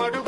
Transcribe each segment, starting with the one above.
மடுகு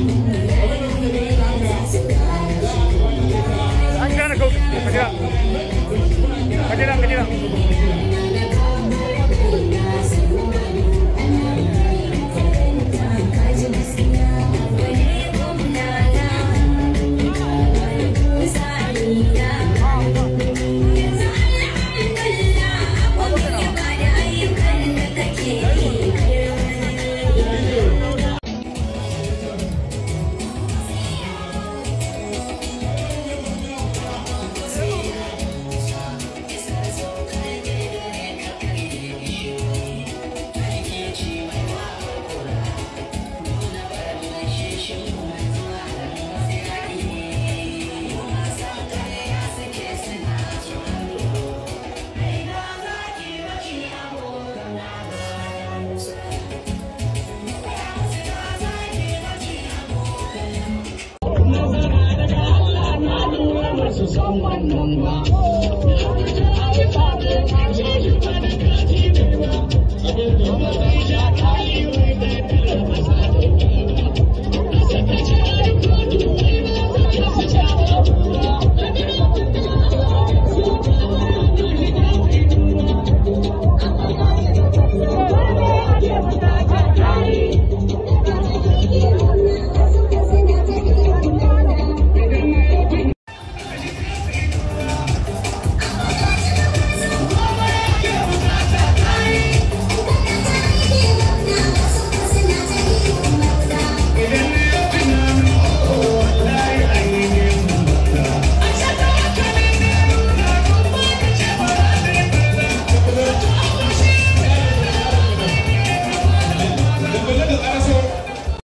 I'm gonna Kecil go, kecil up. I'm